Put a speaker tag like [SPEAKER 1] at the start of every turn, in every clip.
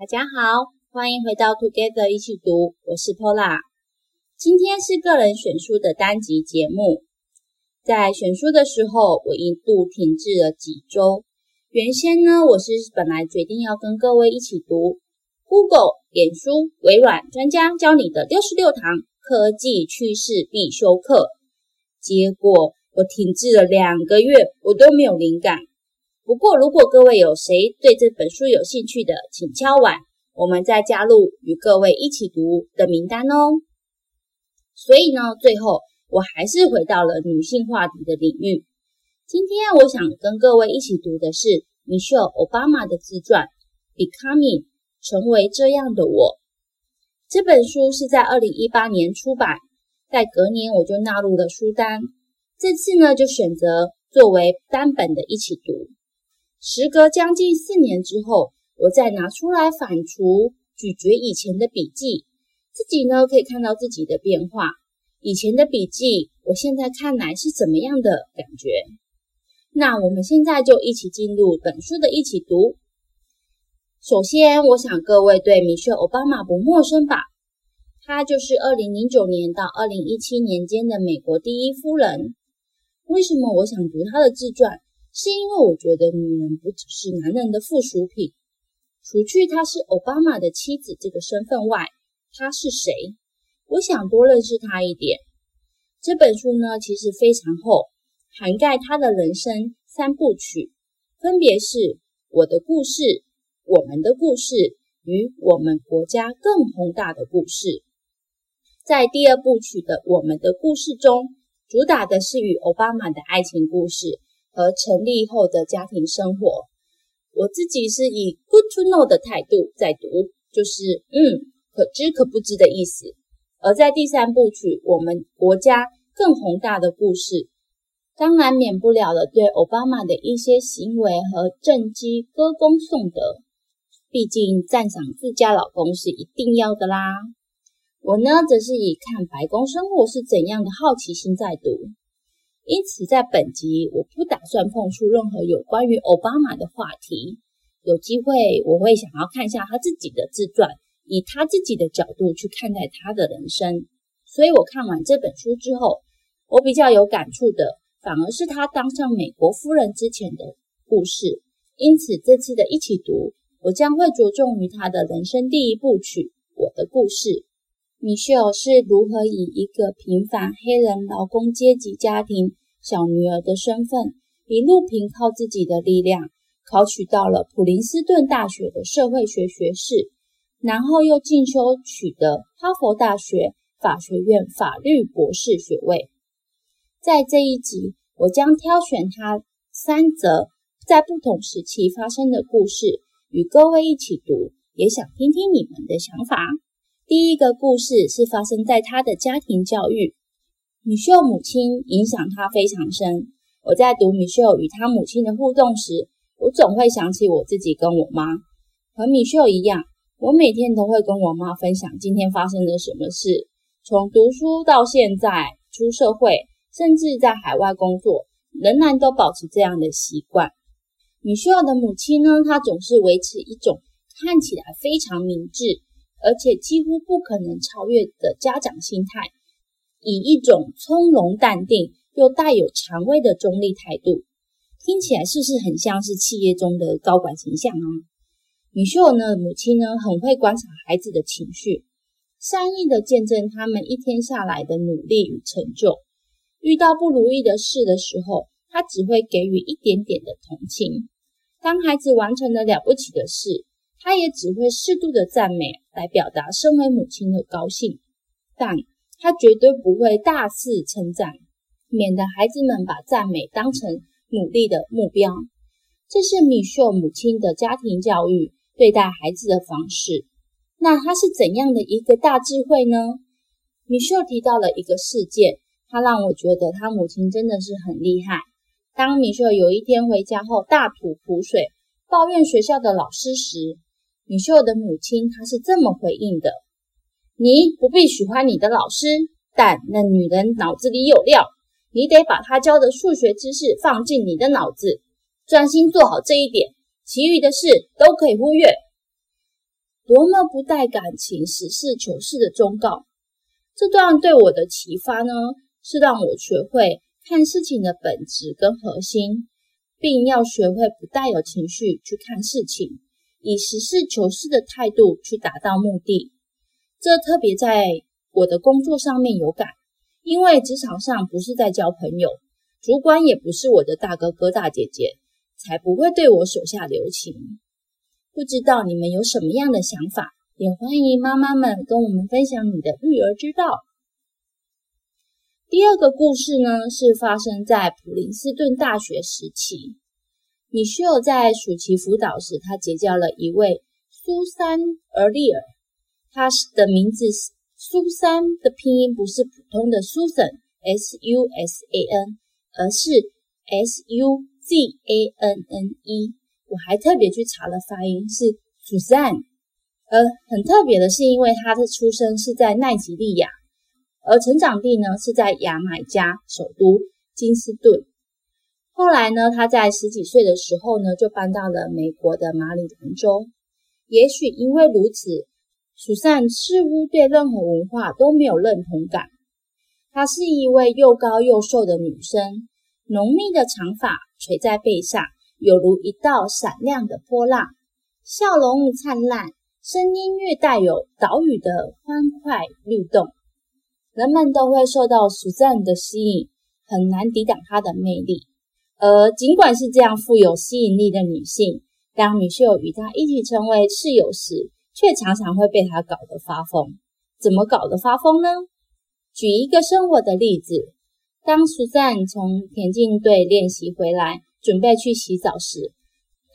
[SPEAKER 1] 大家好，歡迎回到 Together 一起讀，我是 Paula。今天是個人選書的單集節目。在選書的時候，我一度停滯了幾週。原先呢，我是本來決定要跟各位一起讀 Google、臉書、微軟專家教你的六十六堂科技趨勢必修課。結果我停滯了兩個月，我都沒有靈感。不過，如果各位有誰對這本書有興趣的，請敲碗，我們再加入與各位一起讀的名單哦。所以呢，最後我還是回到了女性話題的領域。今天我想跟各位一起讀的是蜜雪兒·奧巴馬的自傳《Becoming》，成為這樣的我。這本書是在二零一八年出版，在隔年我就納入了書單。這次呢，就選擇作為單本的一起讀。時隔將近四年之後，我再拿出來反芻、咀嚼以前的筆記，自己呢，可以看到自己的變化。以前的筆記，我現在看來是怎麼樣的感覺？那我們現在就一起進入本書的一起讀。首先，我想各位對蜜雪兒‧歐巴馬不陌生吧？她就是2009年到2017年間的美國第一夫人。為什麼我想讀她的自傳？是因為我覺得女人不只是男人的附屬品。除去她是歐巴馬的妻子這個身份外，她是誰？我想多認識她一點。這本書呢，其實非常厚，涵蓋她的人生三部曲，分別是我的故事、我們的故事與我們國家更宏大的故事。在第二部曲的我們的故事中，主打的是與歐巴馬的愛情故事，和成立後的家庭生活，我自己是以 “good to know” 的態度在讀，就是嗯，可知可不知的意思。而在第三部曲，我們國家更宏大的故事，當然免不了了對奧巴馬的一些行為和政績歌功頌德，畢竟讚賞自家老公是一定要的啦。我呢，則是以看白宮生活是怎樣的好奇心在讀。因此，在本集我不打算碰觸任何有關於歐巴馬的話題。有機會，我會想要看一下他自己的自傳，以他自己的角度去看待他的人生。所以，我看完這本書之後，我比較有感觸的反而是他當上美國夫人之前的故事。因此，這次的一起讀，我將會着重於他的人生第一部曲——我的故事。蜜雪兒是如何以一個平凡黑人勞工階級家庭。小女兒的身份，一路憑靠自己的力量考取到了普林斯頓大學的社會學學士，然後又進修取得哈佛大學法學院法律博士學位。在這一集，我將挑選他三則在不同時期發生的故事，與各位一起讀，也想聽聽你們的想法。第一個故事是發生在他的家庭教育。蜜雪母親影響她非常深。我在讀蜜雪與她母親的互動時，我總會想起我自己跟我媽。和蜜雪一樣，我每天都會跟我媽分享今天發生了什麼事。從讀書到現在、出社會，甚至在海外工作，仍然都保持這樣的習慣。蜜雪的母親呢？她總是維持一種看起來非常明智，而且幾乎不可能超越的家長心態，以一種從容淡定又帶有禪味的中立態度，聽起來是不是很像是企業中的高管形象啊、哦？女秀呢，母親呢，很會觀察孩子的情緒，善意的見證他們一天下來的努力與成就。遇到不如意的事的時候，她只會給予一點點的同情。當孩子完成了了不起的事，她也只會適度的讚美來表達身為母親的高興。但他絕對不會大肆稱讚，免得孩子們把讚美當成努力的目標。這是米秀母親的家庭教育對待孩子的方式。那他是怎樣的一個大智慧呢？米秀提到了一個事件，他讓我覺得他母親真的是很厲害。當米秀有一天回家後大吐苦水，抱怨學校的老師時，米秀的母親她是這麼回應的。你不必喜歡你的老師，但那女人腦子裡有料，你得把她教的數學知識放進你的腦子，專心做好這一點，其餘的事都可以忽略。多麼不帶感情、實事求是的忠告！這段對我的啟發呢，是讓我學會看事情的本質跟核心，並要學會不帶有情緒去看事情，以實事求是的態度去達到目的。這特別在我的工作上面有感，因為職場上不是在交朋友，主管也不是我的大哥哥大姐姐，才不會對我手下留情。不知道你們有什麼樣的想法，也歡迎媽媽們跟我們分享你的育兒之道。第二個故事呢，是發生在普林斯頓大學時期，米歇爾在暑期輔導時，他結交了一位蘇珊·厄利爾。他的名字是蘇珊的拼音不是普通的 Susan，S U S A N，而是 S U Z A N N E。我還特別去查了發音是 Suzanne。呃，很特別的是，因為他的出生是在奈及利亞，而成長地呢是在牙買加首都金斯頓。後來呢，他在十幾歲的時候呢就搬到了美國的馬里蘭州。也許因為如此。蘇珊似乎對任何文化都沒有認同感。她是一位又高又瘦的女生，濃密的長髮垂在背上，有如一道閃亮的波浪，笑容燦爛，聲音略帶有島嶼的歡快律動。人們都會受到蘇珊的吸引，很難抵擋她的魅力。而儘管是這樣富有吸引力的女性，當蜜雪兒與她一起成為室友時，卻常常會被他搞得發瘋。怎麼搞得發瘋呢？舉一個生活的例子：當蘇贊從田徑隊練習回來，準備去洗澡時，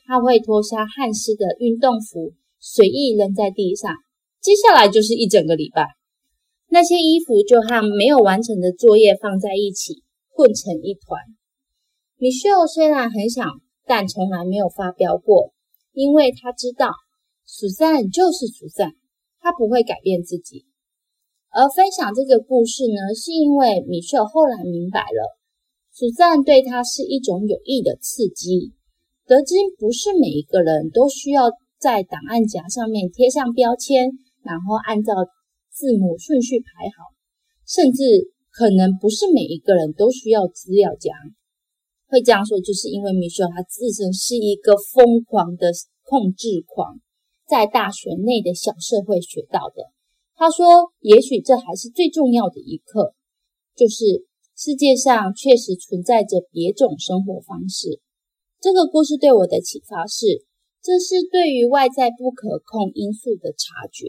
[SPEAKER 1] 他會脫下汗濕的運動服，隨意扔在地上。接下來就是一整個禮拜，那些衣服就和沒有完成的作業放在一起，混成一團。蜜雪兒雖然很想，但從來沒有發飆過，因為他知道。蘇珊就是蘇珊，他不會改變自己。而分享這個故事呢，是因為蜜雪兒後來明白了，蘇珊對他是一種有益的刺激。得知不是每一個人都需要在檔案夾上面貼上標籤，然後按照字母順序排好，甚至可能不是每一個人都需要資料夾。會這樣說，就是因為蜜雪兒他自身是一個瘋狂的控制狂。在大學內的小社會學到的，他說：“也許這還是最重要的一課，就是世界上確實存在着別種生活方式。”這個故事對我的啟發是：這是對於外在不可控因素的察覺，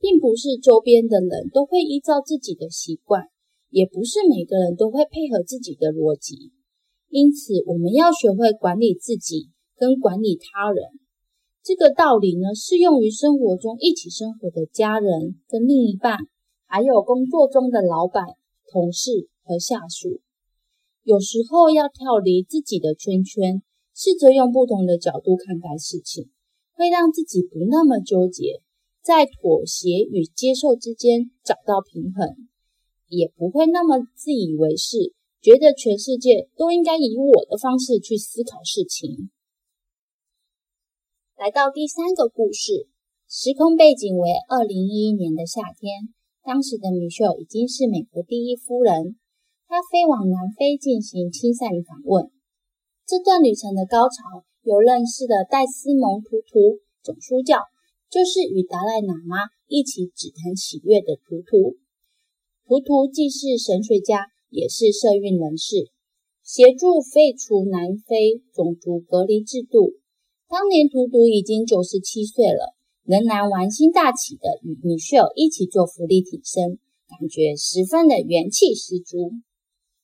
[SPEAKER 1] 並不是周邊的人都會依照自己的習慣，也不是每個人都會配合自己的邏輯。因此，我們要學會管理自己，跟管理他人。這個道理呢，適用於生活中一起生活的家人跟另一半，還有工作中的老闆、同事和下屬。有時候要跳離自己的圈圈，試着用不同的角度看待事情，會讓自己不那麼糾結，在妥協與接受之間找到平衡，也不會那麼自以為是，覺得全世界都應該以我的方式去思考事情。來到第三個故事，時空背景為二零一一年的夏天。當時的蜜雪兒已經是美國第一夫人，她飛往南非進行親善訪問。這段旅程的高潮，有認識的戴斯蒙·圖圖總主教，就是與達賴喇嘛一起只談喜悅的圖圖。圖圖既是神學家，也是社運人士，協助廢除南非種族隔離制度。當年圖圖已經九十七歲了，仍然玩心大起的與米歇爾一起做伏地挺身，感覺十分的元氣十足。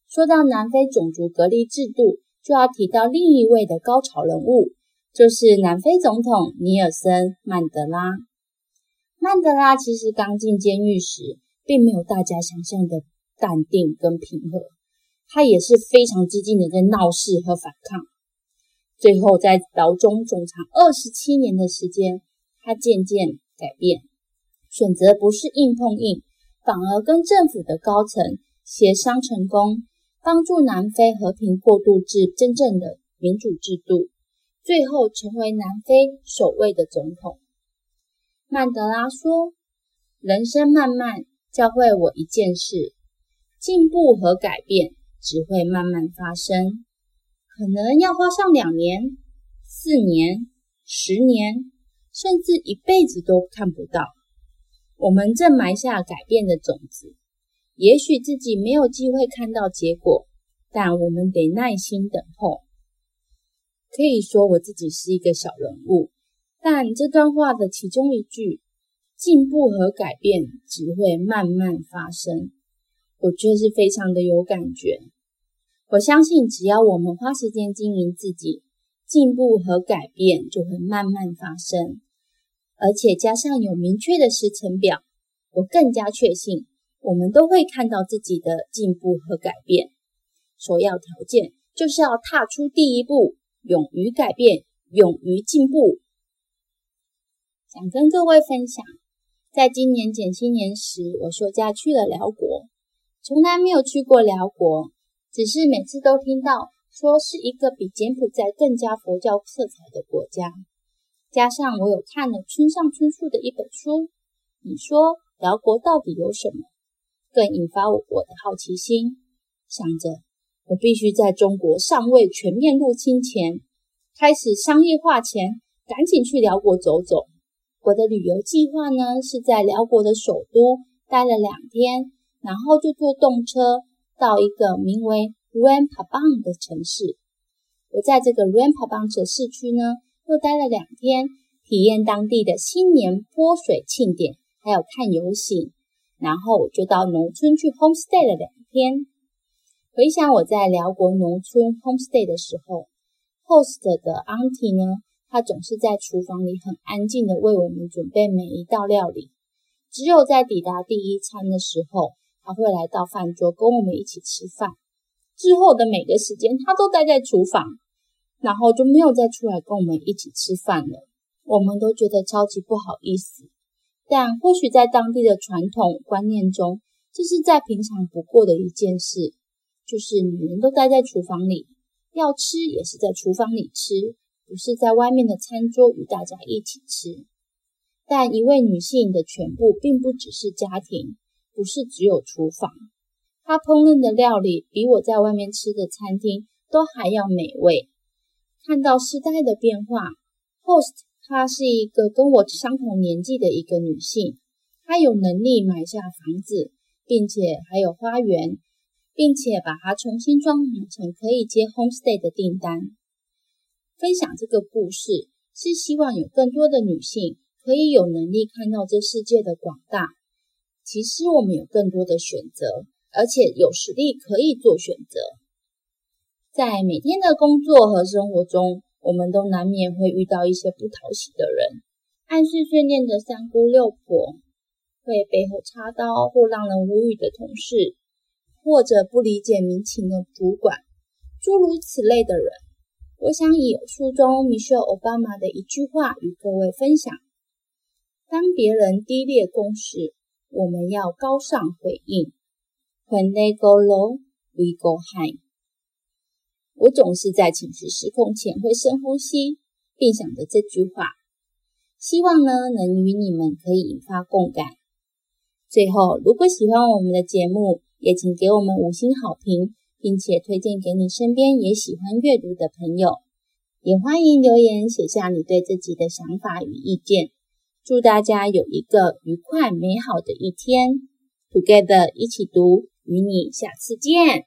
[SPEAKER 1] 說到南非種族隔離制度，就要提到另一位的高潮人物，就是南非總統尼爾森·曼德拉。曼德拉其實剛進監獄時，並沒有大家想象的淡定跟平和，他也是非常激進的在鬧事和反抗。最後，在牢中總長二十七年的時間，他漸漸改變，選擇不是硬碰硬，反而跟政府的高層協商成功，幫助南非和平過渡至真正的民主制度，最後成為南非首位的總統。曼德拉說：“人生漫漫，教會我一件事，進步和改變只會慢慢發生。”可能要花上兩年、四年、十年，甚至一輩子都看不到。我們正埋下改變的種子，也許自己沒有機會看到結果，但我們得耐心等候。可以說我自己是一個小人物，但這段話的其中一句“進步和改變只會慢慢發生”，我卻是非常的有感覺。我相信，只要我們花時間經營自己，進步和改變就會慢慢發生。而且加上有明確的時程表，我更加確信，我們都會看到自己的進步和改變。首要條件就是要踏出第一步，勇於改變，勇於進步。想跟各位分享，在今年減輕年時，我休假去了寮國，從來沒有去過寮國。只是每次都聽到說是一個比柬埔寨更加佛教色彩的國家，加上我有看了村上春樹的一本書，你說寮國到底有什麼？更引發我的好奇心，想着我必須在中國尚未全面入侵前，開始商業化前，趕緊去寮國走走。我的旅遊計劃呢，是在寮國的首都待了兩天，然後就坐動車。到一個名為 Luang Prabang 的城市，我在這個 Luang Prabang 的市區呢，又待了兩天，體驗當地的新年潑水慶典，還有看遊行，然後我就到農村去 homestay 了兩天。回想我在寮國農村 homestay 的時候，host 的 auntie 呢，她總是在廚房裡很安靜的為我們準備每一道料理，只有在抵達第一餐的時候。他會來到飯桌跟我們一起吃飯，之後的每個時間她都待在廚房，然後就沒有再出來跟我們一起吃飯了。我們都覺得超級不好意思，但或許在當地的傳統觀念中，這是再平常不過的一件事，就是女人都待在廚房裡，要吃也是在廚房裡吃，不是在外面的餐桌與大家一起吃。但一位女性的全部並不只是家庭。不是只有廚房，她烹飪的料理比我在外面吃的餐廳都還要美味。看到時代的變化，host 她是一個跟我相同年紀的一個女性，她有能力買下房子，並且還有花園，並且把它重新裝潢成可以接 homestay 的訂單。分享這個故事是希望有更多的女性可以有能力看到這世界的廣大。其實我們有更多的選擇，而且有實力可以做選擇。在每天的工作和生活中，我們都難免會遇到一些不討喜的人，愛碎碎念的三姑六婆，會背後插刀或讓人無語的同事，或者不理解民情的主管，諸如此類的人。我想以書中蜜雪兒·歐巴馬的一句話與各位分享：當別人低劣公時。我們要高尚回應，When they go low, we go high。我總是在情緒失控前會深呼吸，並想着這句話，希望呢能與你們可以引發共感。最後，如果喜歡我們的節目，也請給我們五星好評，並且推薦給你身邊也喜歡閱讀的朋友，也歡迎留言寫下你對這集的想法與意見。祝大家有一個愉快美好的一天！Together 一起讀，與你下次見。